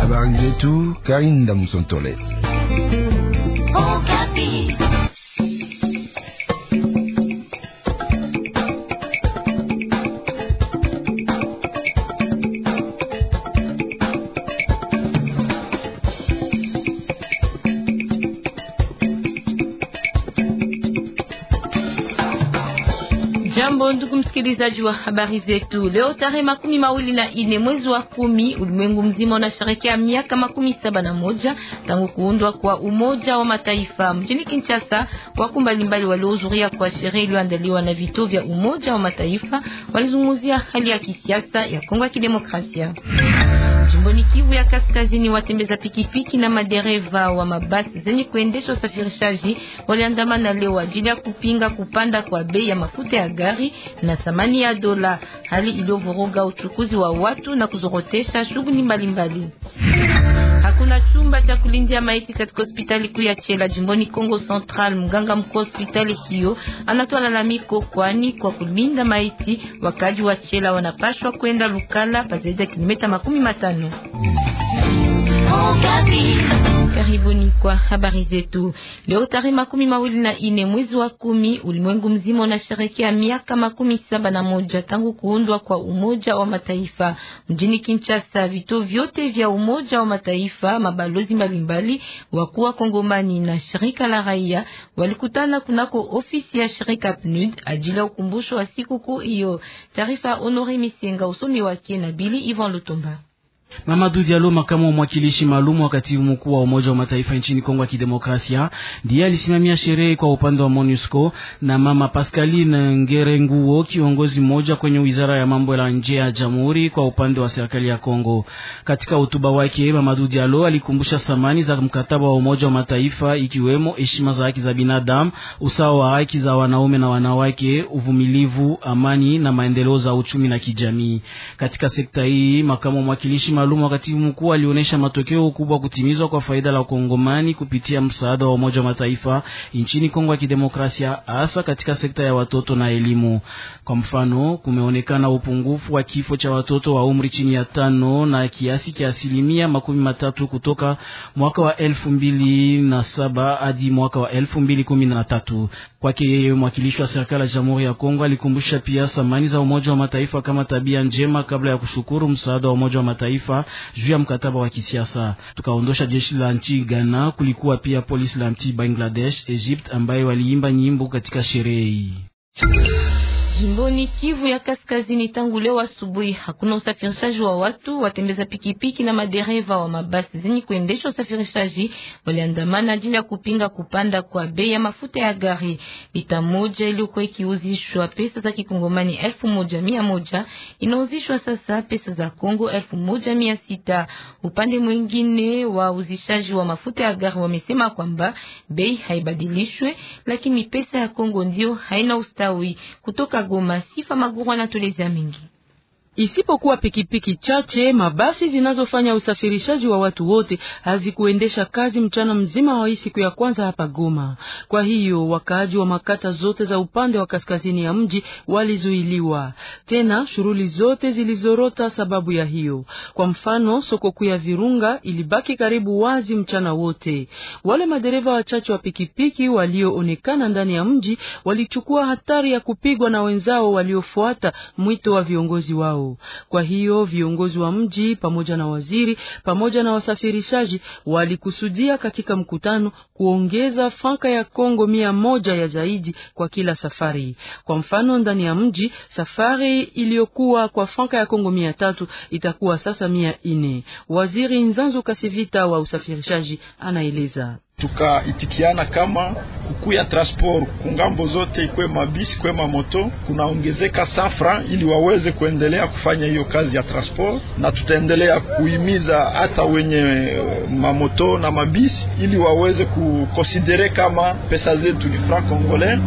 Habari zetu Karinda Musontole. Jambo ndugu msikilizaji wa habari zetu. Leo tarehe makumi mawili na ine mwezi wa kumi, ulimwengu mzima unasherekea miaka makumi saba na moja tangu kuundwa kwa Umoja wa Mataifa. Mjini Kinshasa, wako mbalimbali waliohudhuria kwa sherehe iliyoandaliwa na vituo vya Umoja wa Mataifa walizungumzia hali ya kisiasa ya Kongo ya Kidemokrasia. Jimboni Kivu ya Kaskazini, watembeza pikipiki na madereva wa mabasi zenye kuendesha usafirishaji waliandamana leo ajili ya kupinga kupanda kwa bei ya mafuta ya gari na thamani ya dola, hali iliyovuruga uchukuzi wa watu na kuzorotesha shughuli mbalimbali kuna chumba cha kulindia maiti katika hospitali kuu ya Chela jimboni Kongo Central. Mganga mkuu hospitali hiyo anatoa lalamiko, kwani kwa kulinda maiti wakaji wa Chela wanapashwa kwenda Lukala pa zaidi ya kilomita makumi matano. Karibuni kwa habari zetu. Leo tarehe makumi mawili na ine mwezi wa kumi, ulimwengu mzima unasherekea miaka makumi saba na moja tangu kuundwa kwa Umoja wa Mataifa. Mjini Kinshasa, vituo vyote vya Umoja wa Mataifa, mabalozi mbalimbali, wakuu wa Kongomani na shirika la raia walikutana kunako ofisi ya shirika PNUD ajili ya ukumbusho wa sikukuu hiyo. Taarifa Honore Misenga, usomi wake na Bili Ivan Lutumba. Mamadu Diallo, makamu wa mwakilishi maalum wa katibu mkuu wa Umoja wa Mataifa nchini Kongo ya Kidemokrasia, ndiye alisimamia sherehe kwa upande wa MONUSCO na Mama Pascaline Ngerenguo, kiongozi mmoja kwenye wizara ya mambo ya nje ya Jamhuri kwa upande wa serikali ya Kongo. Katika hotuba wake, Mamadu Diallo alikumbusha thamani za mkataba wa Umoja wa Mataifa, ikiwemo heshima za haki za binadamu, usawa wa haki za wanaume na wanawake, uvumilivu, amani na maendeleo za uchumi na kijamii. Katika sekta hii, makamu mwakilishi maalum wa katibu mkuu alionyesha matokeo kubwa kutimizwa kwa faida la Kongomani kupitia msaada wa Umoja wa Mataifa nchini Kongo ya Kidemokrasia, hasa katika sekta ya watoto na elimu. Kwa mfano, kumeonekana upungufu wa kifo cha watoto wa umri chini ya tano na kiasi cha asilimia makumi matatu kutoka mwaka wa elfu mbili na saba hadi mwaka wa elfu mbili kumi na tatu. Kwake yeye, mwakilishi wa serikali ya Jamhuri ya Kongo alikumbusha pia thamani za Umoja wa Mataifa kama tabia njema kabla ya kushukuru msaada wa Umoja wa Mataifa kimataifa juu ya mkataba wa kisiasa. Tukaondosha jeshi la nchi Ghana, kulikuwa pia polisi la nchi Bangladesh, Egypt ambaye waliimba nyimbo katika sherehe hii. Jimboni Kivu ya Kaskazini, tangu leo asubuhi hakuna usafirishaji wa watu. Watembeza pikipiki na madereva wa mabasi zenye kuendesha usafirishaji waliandamana ajili ya kupinga kupanda kwa bei ya mafuta ya gari. Lita moja iliyokuwa ikiuzishwa pesa za kikongomani elfu moja mia moja inauzishwa sasa pesa za Kongo elfu moja mia sita. Upande mwingine wa uzishaji wa mafuta ya gari wamesema kwamba bei haibadilishwe, lakini pesa ya Kongo ndio haina ustawi kutoka Goma. Sifa Maguru anatuelezea mengi isipokuwa pikipiki chache, mabasi zinazofanya usafirishaji wa watu wote hazikuendesha kazi mchana mzima wa hii siku ya kwanza hapa Goma. Kwa hiyo wakaaji wa makata zote za upande wa kaskazini ya mji walizuiliwa, tena shughuli zote zilizorota sababu ya hiyo. Kwa mfano, soko kuu ya Virunga ilibaki karibu wazi mchana wote. Wale madereva wachache wa pikipiki walioonekana ndani ya mji walichukua hatari ya kupigwa na wenzao waliofuata mwito wa viongozi wao yao. Kwa hiyo viongozi wa mji pamoja na waziri pamoja na wasafirishaji walikusudia katika mkutano kuongeza franka ya Kongo mia moja ya zaidi kwa kila safari. Kwa mfano, ndani ya mji safari iliyokuwa kwa franka ya Kongo mia tatu itakuwa sasa mia nne. Waziri Nzanzu Kasivita wa usafirishaji anaeleza tukaitikiana kama ya transport kungambo zote, ikwe mabisi kwe mamoto, kunaongezeka safra ili waweze kuendelea kufanya hiyo kazi ya transport, na tutaendelea kuhimiza hata wenye mamoto na mabisi ili waweze kukonsidere kama pesa zetu ni franc congolais.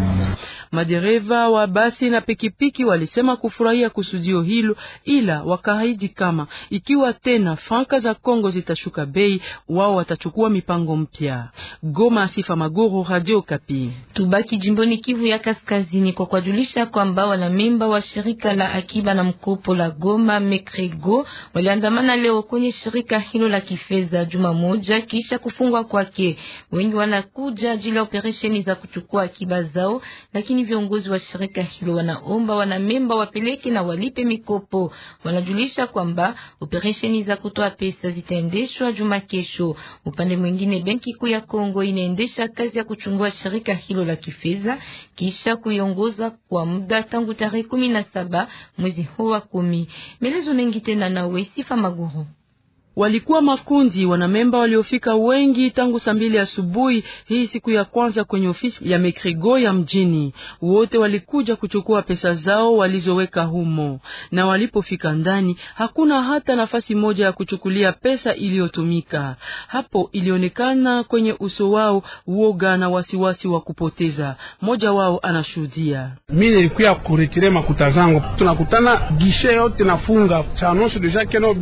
Madereva wa basi na pikipiki walisema kufurahia kusudio hilo, ila wakaahidi kama ikiwa tena franka za Kongo zitashuka bei, wao watachukua mipango mpya. Goma, Sifa Maguru, Radio Kapi. Tubaki jimboni Kivu ya Kaskazini kwa kujulisha kwamba memba wa shirika la akiba na mkopo la Goma Mekrego waliandamana leo kwenye shirika hilo la kifedha juma moja kisha kufungwa kwake. Wengi wanakuja ajili ya operesheni za kuchukua akiba zao, lakini lakini viongozi wa shirika hilo wanaomba wanamemba wapeleke na walipe mikopo. Wanajulisha kwamba operesheni za kutoa pesa zitaendeshwa juma kesho. Upande mwingine, benki kuu ya Kongo inaendesha kazi ya kuchungua shirika hilo la kifedha kisha kuiongoza kwa muda tangu tarehe kumi na saba mwezi huu wa kumi. Melezo mengi tena nawe Sifa Maguru walikuwa makundi wanamemba waliofika wengi tangu saa mbili asubuhi hii siku ya kwanza kwenye ofisi ya Mekrigo ya mjini. Wote walikuja kuchukua pesa zao walizoweka humo, na walipofika ndani hakuna hata nafasi moja ya kuchukulia pesa iliyotumika hapo. Ilionekana kwenye uso wao uoga na wasiwasi wa kupoteza. Mmoja wao anashuhudia: mi nilikuya kuretire makuta zangu, tunakutana gishe yote nafunga cha nusu deja keno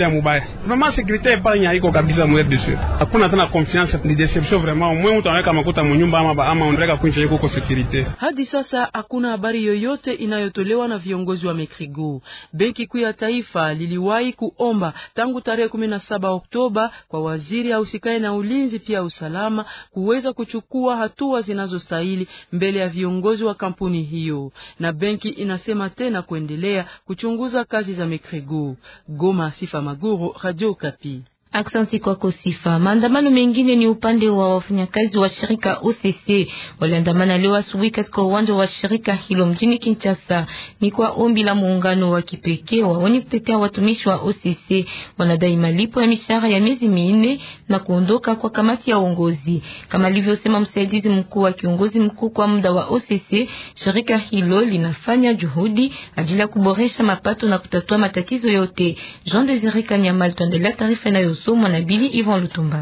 ya mubaya vraiment security epargne haiko kabisa mu RDC, hakuna tena confiance, ni deception vraiment. Mwe mtu anaweka makuta munyumba ama ama ondreka kunje yuko kwa sécurité. Hadi sasa hakuna habari yoyote inayotolewa na viongozi wa Mekrigo. Benki Kuu ya Taifa liliwahi kuomba tangu tarehe 17 Oktoba kwa waziri au sikae na ulinzi pia usalama kuweza kuchukua hatua zinazostahili mbele ya viongozi wa kampuni hiyo, na benki inasema tena kuendelea kuchunguza kazi za Mekrigo. Goma, Sifa Maguru Radio Kapi. Aksansi kwa sifa. Maandamano mengine ni upande wa wafanyakazi wa shirika OCC waliandamana leo asubuhi katika uwanja wa shirika hilo mjini Kinshasa. Ni kwa ombi la muungano wa kipekee wa wenye kutetea watumishi wa OCC, wanadai malipo ya mishahara ya miezi minne na kuondoka kwa kamati ya uongozi, kama alivyosema msaidizi mkuu wa kiongozi mkuu kwa muda wa OCC. Shirika hilo linafanya juhudi ajili ya kuboresha mapato na kutatua matatizo yote. Jean Desire Kanyamal, tuendelea taarifa inayo Busomo na Bili Ivan Lutumba.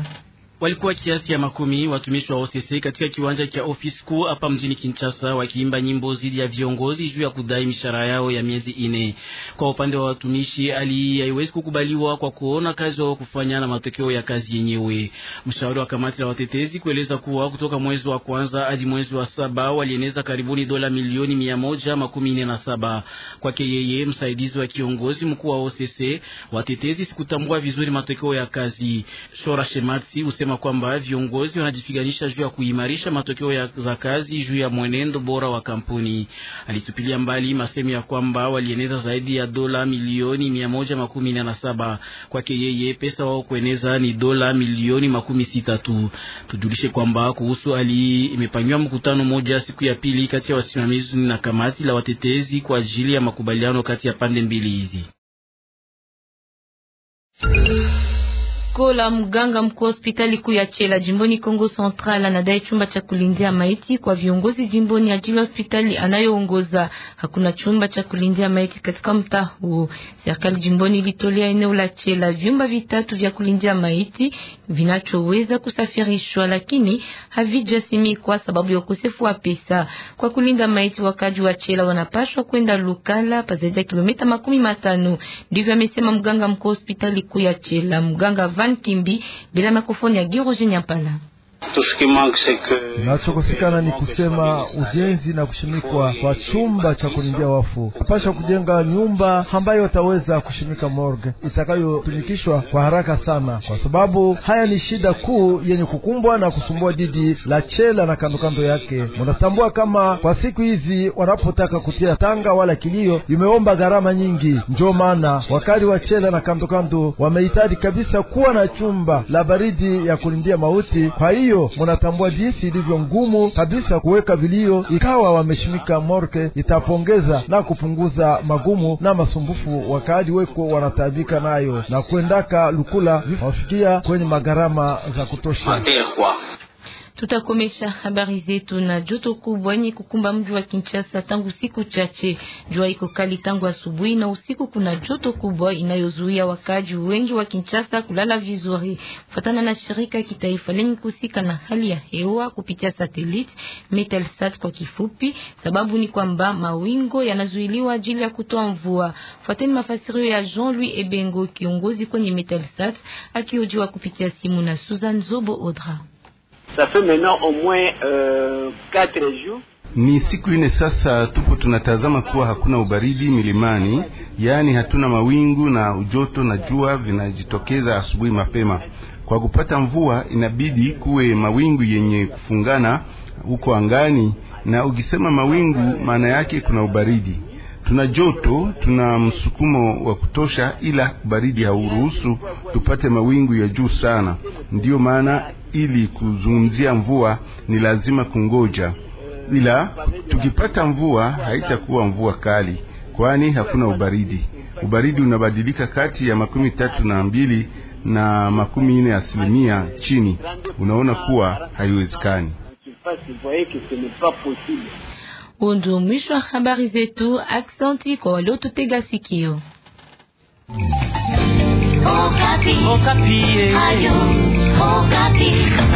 walikuwa kiasi ya makumi watumishi wa OCC katika kiwanja cha ofisi kuu hapa mjini Kinshasa wakiimba nyimbo dhidi ya viongozi juu ya kudai mishahara yao ya miezi ine. Kwa upande wa watumishi, hali haiwezi kukubaliwa kwa kuona kazi wao kufanya na matokeo ya kazi yenyewe. Mshauri wa kamati la watetezi kueleza kuwa kutoka mwezi wa kwanza hadi mwezi wa saba walieneza karibuni dola milioni mia moja makumi na saba. Kwake yeye, msaidizi wa kiongozi mkuu wa OCC, watetezi sikutambua vizuri matokeo ya kazi. Shora Shematsi usema alisema kwamba viongozi wanajipiganisha juu ya kuimarisha matokeo za kazi juu ya mwenendo bora wa kampuni. Alitupilia mbali masemi ya kwamba walieneza zaidi ya dola milioni mia moja makumi na saba. Kwake yeye pesa wao kueneza ni dola milioni makumi sita tu. Tujulishe kwamba kuhusu hali imepangiwa mkutano moja siku ya pili kati ya wasimamizi na kamati la watetezi kwa ajili ya makubaliano kati ya pande mbili hizi. Kola, mganga mkuu hospitali kuu ya Chela jimboni Kongo Central, anadai chumba cha kulindia maiti kwa viongozi jimboni ajili hospitali anayoongoza. Hakuna chumba cha kulindia maiti katika mtaa huo. Serikali jimboni ilitolea eneo la Chela vyumba vitatu vya kulindia maiti vinachoweza kusafirishwa, lakini havijasimikwa sababu ya ukosefu wa pesa. Kwa kulinda maiti, wakaji wa Chela wanapashwa kwenda Lukala pa zaidi ya kilomita makumi matano. Ndivyo amesema mganga mkuu hospitali kuu ya Chela, mganga Van Jean Kimbi bila mikrofoni ya Girogenia Mpala. Nachokosekana ni kusema ujenzi na kushimikwa kwa chumba cha kulindia wafu. Napasha kujenga nyumba ambayo wataweza kushimika morgue itakayotumikishwa kwa haraka sana, kwa sababu haya ni shida kuu yenye kukumbwa na kusumbua jiji la Chela na kandokando yake. Munatambua kama kwa siku hizi wanapotaka kutia tanga wala kilio imeomba gharama nyingi. njo maana wakali wa Chela na kandokando wamehitaji kabisa kuwa na chumba la baridi ya kulindia mauti. Kwa hiyo hiyo munatambua jinsi ilivyo ngumu kabisa kuweka vilio. Ikawa wameshimika morke, itapongeza na kupunguza magumu na masumbufu wakaaji weko wanataabika nayo na kwendaka lukula wafikia kwenye magharama za kutosha. Tutakomesha habari zetu na joto kubwa yenye kukumba mji wa Kinshasa tangu siku chache. Jua iko kali tangu asubuhi na usiku, kuna joto kubwa inayozuia wakaji wengi wa Kinshasa kulala vizuri. Kufuatana na shirika kitaifa lenye kusika na hali ya hewa kupitia satellite Metelsat kwa kifupi, sababu ni kwamba mawingo yanazuiliwa ajili ya kutoa mvua. Fuateni mafasirio ya Jean-Louis Ebengo, kiongozi kwenye Metelsat, akiojiwa kupitia simu na Susan Zobo Odra. Euh, Ni siku ine sasa tupo tunatazama kuwa hakuna ubaridi milimani, yaani hatuna mawingu na ujoto na jua vinajitokeza asubuhi mapema. Kwa kupata mvua inabidi kuwe mawingu yenye kufungana huko angani, na ukisema mawingu maana yake kuna ubaridi. Tuna joto, tuna msukumo wa kutosha, ila baridi hauruhusu tupate mawingu ya juu sana. Ndiyo maana ili kuzungumzia mvua ni lazima kungoja, ila tukipata mvua haitakuwa mvua kali, kwani hakuna ubaridi. Ubaridi unabadilika kati ya makumi tatu na mbili na makumi nne asilimia chini. Unaona kuwa haiwezekani. Huu ndio mwisho wa habari zetu. Aksanti kwa waliotutega sikio. Okapi. Okapi. Eh. Ayo, Okapi.